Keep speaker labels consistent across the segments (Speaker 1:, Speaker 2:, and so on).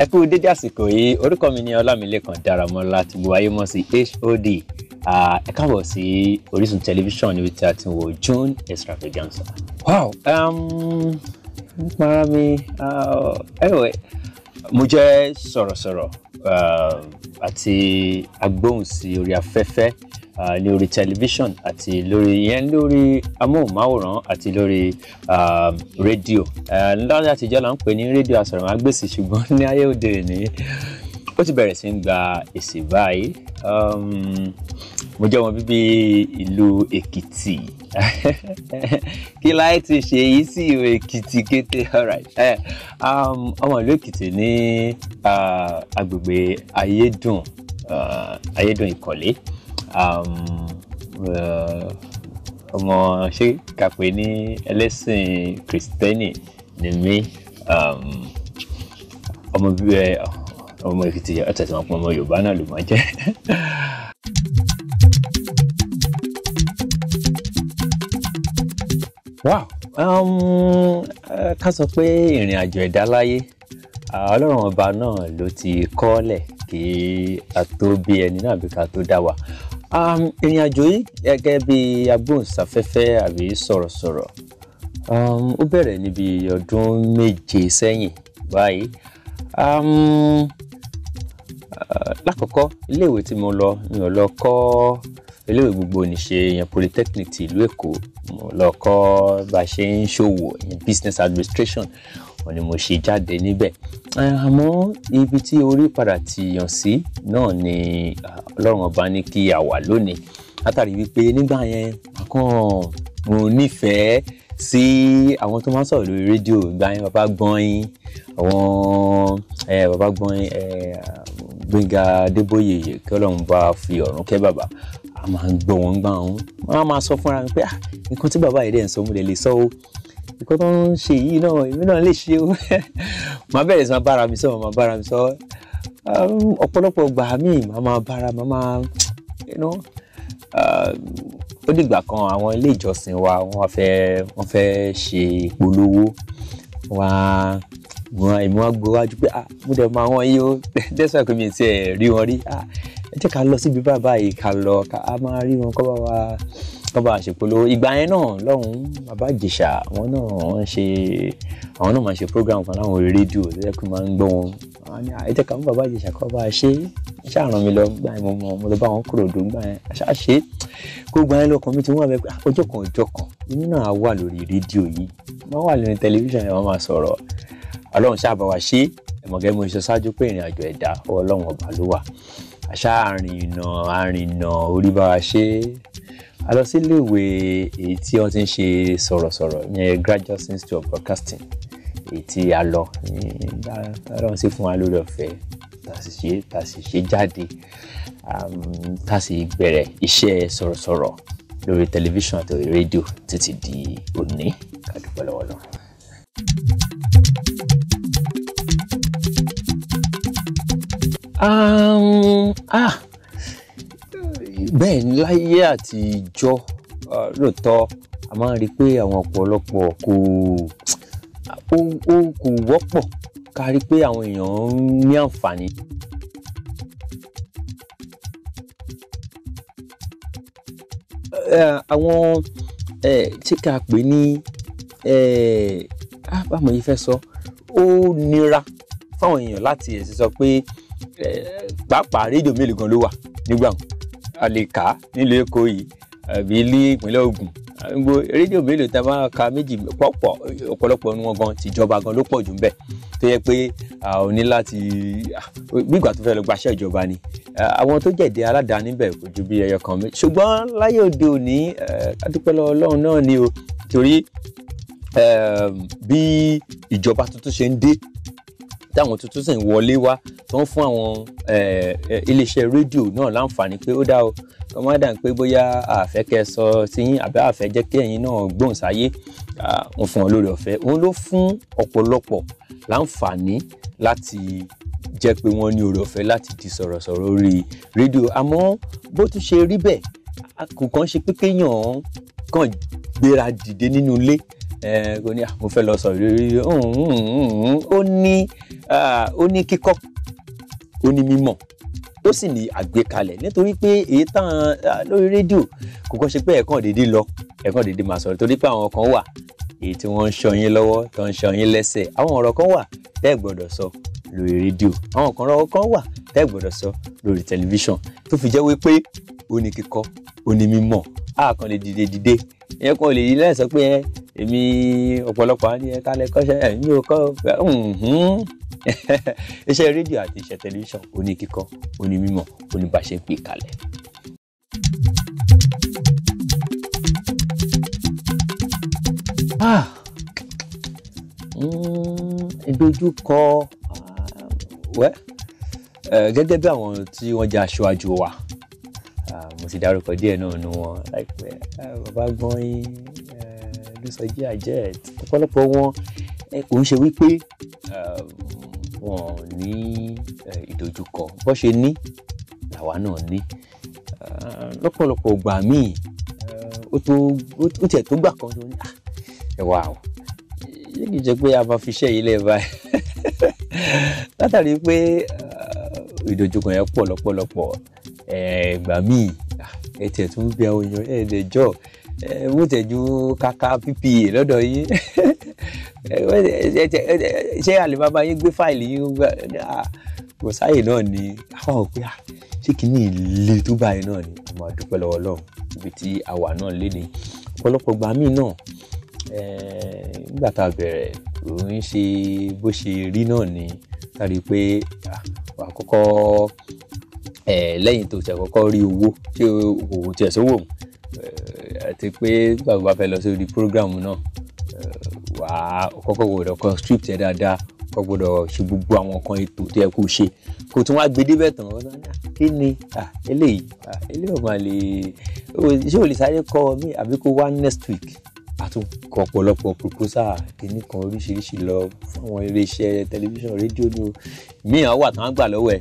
Speaker 1: ẹ kú dédé àsìkò yìí orúkọ mi ni ọlámilẹ́kan dáramọ́lá tí gbogbo ayé mọ̀ sí hod ẹ káàbọ̀ sí orísun tẹlifíṣàn níbi tí a ti wo june extravaganza. wow nípa ara mi anyway mo jẹ́ sọ̀rọ̀sọ̀rọ̀ àti agbóhùn sí orí afẹ́fẹ́ lórí tẹlifíṣàn àti lórí yẹn lórí amóhùnmáwòrán àti lórí rédíò lọ́dọ̀ àtijọ́ là ń pè ní rédíò àsọ̀rọ̀mágbèsì ṣùgbọ́n ní ayé òde òní ó ti bẹ̀rẹ̀ sí ń gba èsì báyìí umm, mo jẹ́ ọmọ bíbí ìlú èkìtì kí láì ti ṣe yìí sí ìwé èkìtì kété umm, ọmọ ìlú èkìtì ní agbègbè ayédùn ayédùn ìkọ̀lé. Uh, Um, uh, ọmọ ṣé ká pè ní ẹlẹ́sìn kìrìsìtẹ́nì ni mí um, ọmọ bíi ọmọ èkìtì ọ̀tẹ̀ tí wọ́n pọ̀ ọmọ yorùbá náà ló máa jẹ́. wow um, ká sọ pé ìrìn àjò ẹ̀dá láyé ọlọ́run ọba náà ló ti kọ́lẹ̀ kí a tó bí ẹni náà bí ká tó dá wa Um, ìrìn àjò yìí gẹ́gẹ́ bí agbóhùnsáfẹ́fẹ́ àbí sọ̀rọ̀sọ̀rọ̀ um, ó bẹ̀rẹ̀ níbi ọdún méje sẹ́yìn báyìí um, uh, lákọ̀ọ́kọ́ iléèwé tí mo lọ mi ò lọ kọ́ iléèwé gbogbo nìṣe yẹn polytechnic ti ìlú èkó mo lọ kọ́ bá a ṣe ń ṣòwò business administration wọn ni mo ṣe jáde níbẹ̀ eh, àmọ́ ibi tí orí padà ti yàn sí náà ni ọlọ́run ọba ní kí a wà lónìí látàrí wípé nígbà yẹn àkàn mo nífẹ̀ẹ́ sí àwọn tó máa ń sọ̀rọ̀ lórí rédíò ìgbà yẹn bàbá gbọ́nyin àwọn bàbá gbọ́nyin Gbẹ́ngà Adébóyè kí ọlọ́run bá fi ọ̀run kẹ́ bàbá a máa ń gbọ́ wọn gbà wọn a máa sọ fúnra mi pé ah nǹkan tí bàbá yìí dẹ̀ ń sọ mo lè lè sọ o nǹkan tó ń ṣe yìí náà èmi náà lè ṣe o màá bẹ̀rẹ̀ sí máa bára mi sọ màá bára mi sọ um, ọ̀pọ̀lọpọ̀ gbà mí màá máa bára màá máa um, ó dìgbà kan àwọn ilé ìjọsìn wa wọ́n fẹ́ wọ́n fẹ́ ṣe ìpolówó wa, á wọn èmi wọn gbọ́ wájú pé ah mo dẹ̀ máa wọ́n yín o dẹ́sẹ̀ pé mi ti ẹ̀ rí wọn rí ah ẹ jẹ́ ká lọ síbi báyìí ká lọ ká máa rí wọn kọ́ bá wa kọ́ bá ṣèpolówó ìgbà yẹn náà lọ́hùn bàbá ìjẹ̀ṣà àwọn náà wọ́n ṣe àwọn náà máa ṣe program kan láwọn rédíò tó yẹ kó máa ń gbọ́ wọn àwọn ni àyètẹ́ kàmú bàbá ìjẹ̀ṣà kọ́ bá ṣe ṣàràn mi lọ gbà yẹn mo mọ mo lọ bá wọn kúrò dùn gbà yẹn ṣàṣe gbogbo àyẹn lọkàn mi ti wọ́n abẹ́ ọjọ́ kan ọjọ́ kan èmi náà wà lórí rédíò yìí wọ́n wà lórí tẹlifíṣàn yẹn wọ́n máa sọ̀rọ̀ ọlọ́run ṣáàbà wá ṣe ẹ̀mọ̀gẹ́ mo ṣe ṣáájú pé ìrìn àjò ẹ̀dá ọlọ́run ọba ló wa ṣe a lọ sílé ìwé èyí tí wọ́n ti ń ṣe sọ̀rọ̀sọ̀rọ̀ yẹn graduate institute of broadcasting èyí tí a lọ ní dáadáa sí fún wa lórí ọ̀fẹ́ tá a sì ṣe tá a sì ṣe jáde um, tá sì bẹ̀rẹ̀ iṣẹ́ sọ̀rọ̀sọ̀rọ̀ lórí tẹlifíṣàn àti rédíò títí di òní ká dúpẹ́ Um, ah bẹ́ẹ̀ ni láyé àtijọ́ lóòótọ́ a máa ń rí i pé àwọn ọ̀pọ̀lọpọ̀ kò ó kò wọ́pọ̀ ká rí i pé àwọn èèyàn ń ní àǹfààní. àwọn tí ká pè ní àbámọ̀ yìí fẹ́ sọ ó nira fáwọn èèyàn láti ẹ̀sìn sọ pé pàápàá rédíò mélòó gan ló wà nígbà wọn àlèkà nílùú èkó yìí àbí ilé ìpínlẹ̀ Ògùn gbogbo rédíò mélòó tá a máa ka méjì pọ̀pọ̀ ọ̀pọ̀lọpọ̀ ní wọn gan tìjọba gan ló pọ̀ jù ńbẹ̀ tó yẹ pé ó ní láti gbígbà tó fẹ́ lọ gbaṣẹ́ ìjọba ni àwọn tó jẹ̀dẹ̀ aládàáni bẹ̀ kò ju bí ẹyọ kan mi ṣùgbọ́n láyé òde òní adúpẹ́ lọ́wọ́ Ọlọ́run náà ni o torí bí ìjọba tuntun ṣe ń dé táwọn tuntun sì ń wọlé wá tó ń fún àwọn eh, eh, iléeṣẹ́ rédíò náà láǹfààní pé ó dá o kọ́mádà ń pé bóyá àfẹ́ kẹ́ sọ síyín àbí àfẹ́ jẹ́ kí ẹ̀yin náà gbóhùn sáyé ń fún wọn lórí ọ̀fẹ́ òun ló fún ọ̀pọ̀lọpọ̀ láǹfààní láti jẹ́ pé wọ́n ní oore ọ̀fẹ́ láti di sọ̀rọ̀sọ̀rọ̀ orí rédíò àmọ́ bó tún ṣe rí bẹ́ẹ̀ kò kàn ṣe pé kéèyàn kàn gbéra dìde nínú ilé eh, kò ní mo fẹ́ lọ sọ̀rọ̀ lórí ó ní ó ní kíkọ́ ó ní mímọ̀ ó sì ní àgbékalẹ̀ nítorí pé èyí tán lórí rédíò kò kọ́ ṣe pé ẹ̀kan dédé lọ ẹ̀kan dédé máa sọ̀rọ̀ torí pé àwọn kan wà èyí tí wọ́n ń ṣan yín lọ́wọ́ tó ń ṣan yín lẹ́sẹ̀ àwọn ọ̀rọ̀ kan wà tẹ́ ẹ̀ gbọ́dọ̀ sọ lórí rédíò àwọn kan ọ̀rọ̀ kan wà tẹ́ ẹ̀ gbọ́dọ̀ sọ lórí tẹlifíṣàn tó fi jẹ́ wípé ó ní kíkọ́ ó ní mímọ̀ á kàn lè dìde dìde ìyẹn kan ò lè lẹ́sọ̀ pé èmi ọ̀pọ̀lọpọ̀ á ní ẹ̀ka lẹ́kọ́ṣẹ́ ẹ̀mí ò kọ́ iṣẹ́ rédíò àti iṣẹ́ tẹlifíṣàn oní kíkọ́ oní mímọ̀ oní bá ṣe gbé kalẹ̀. Ah! Hmm, ìdojúkọ ah, wẹ́ eh, gẹ́gẹ́ bí àwọn tí wọ́n jẹ́ aṣáájú wa ah, mo ti dárúkọ díẹ̀ náà nu wọn láìpẹ́ bàbá gbọ́n yín ló sọ jí àjẹ́ ọ̀pọ̀lọpọ̀ wọn kò ń ṣe wípé eh, wọn ò ní eh, ìdojúkọ bó ṣe ní làwa náà ní eh, lọ́pọ̀lọpọ̀ ìgbà míì ó tó ó tiẹ̀ tó gbà kan lórí ah, ẹ wà o yé kìí jẹ pé a máa fi iṣẹ́ yìí lẹ̀ báyìí látàrí pé ìdojúkọ yẹn pọ̀ lọ́pọ̀lọpọ̀ ìgbà míì ah, ẹ tiẹ̀ tún bí àwọn èèyàn ẹ̀ ẹ̀dẹ̀jọ́ káká ppa lọ́dọ̀ yìí ṣé àlèbábá yín gbé fáìlì yín kò sáyè náà ni àwọn ò pé ah, ṣé kí ni ìle tó báyìí náà ni a máa dúpẹ́ lọ́wọ́ Ọlọ́run ibi tí a wà náà léde ọ̀pọ̀lọpọ̀ gbà míì náà nígbà tá a bẹ̀rẹ̀ òun ṣe bó ṣe rí náà ni tá a rí i pé àkọ́kọ́ lẹ́yìn tó ṣe àkọ́kọ́ rí owó tí òun tiẹ̀ sówó mu àti pé bàbá fẹ́ lọ sórí program náà wàá kọ́kọ́ gbọ́dọ̀ constrict ẹ̀ dáadáa kọ́ gbọ́dọ̀ ṣe gbogbo àwọn nǹkan ètò tó yẹ kó ṣe kò tún wá gbé débẹ̀ tán ọ̀rọ̀ náà ah, kí ni ah, eléyìí ah, eléyìí ọ̀ma lè ṣé o lè sáré kọ́ mi àbí kó wá next week àtúnkọ ọ̀pọ̀lọpọ̀ proposal kìíní kan oríṣiríṣi lọ fún àwọn iléeṣẹ́ tẹlifíṣàn rédíò ní míyàn wà tán gbà lọ́wọ́ ẹ̀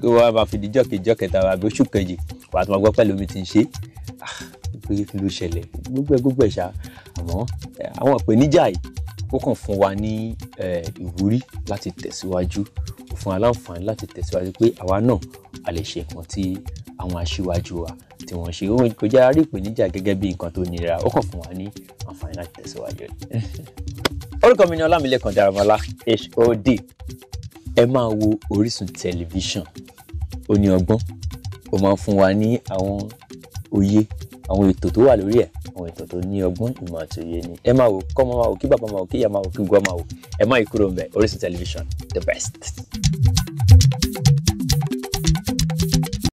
Speaker 1: tó wá máa fi di jọ́kejì jọ́kẹta àbí oṣù kejì wà tó máa gbọ́ pẹ̀lú omi ti ń ṣe pé ló ṣẹlẹ̀ gbogbo gbogbo ẹ̀ ṣá àmọ́ àwọn ìpèníjà yìí ó kàn fún wa ní ìwúrí láti tẹ̀síwájú fún wa láti tẹ̀síwájú pé àwa náà a lè ṣe nǹkan tí àwọn aṣíwájú wa tí wọ́n ṣe kò jẹ́ arí ìpèníjà gẹ́gẹ́ bí nǹkan tó nira ó kàn fún wa ní àǹfààní láti tẹ̀síwájú orúkọ mi ni ọlámilẹ́kan daramọ́lá hod ẹ máa wo orísun tẹlifíṣàn ó ní ọgbọ́n ó máa fún wa ní àwọn òye àwọn ètò tó wà lórí ẹ̀ àwọn ètò tó ní ọgbọ́n ìmọ̀ àtòyé ni ẹ máa wò kọ́mọ máa wò kí bàbá máa wò kí ìyá máa wò kí gbọ́ máa wò ẹ má yí kúrò ń bẹ̀ Orísun tẹlifíṣàn the best.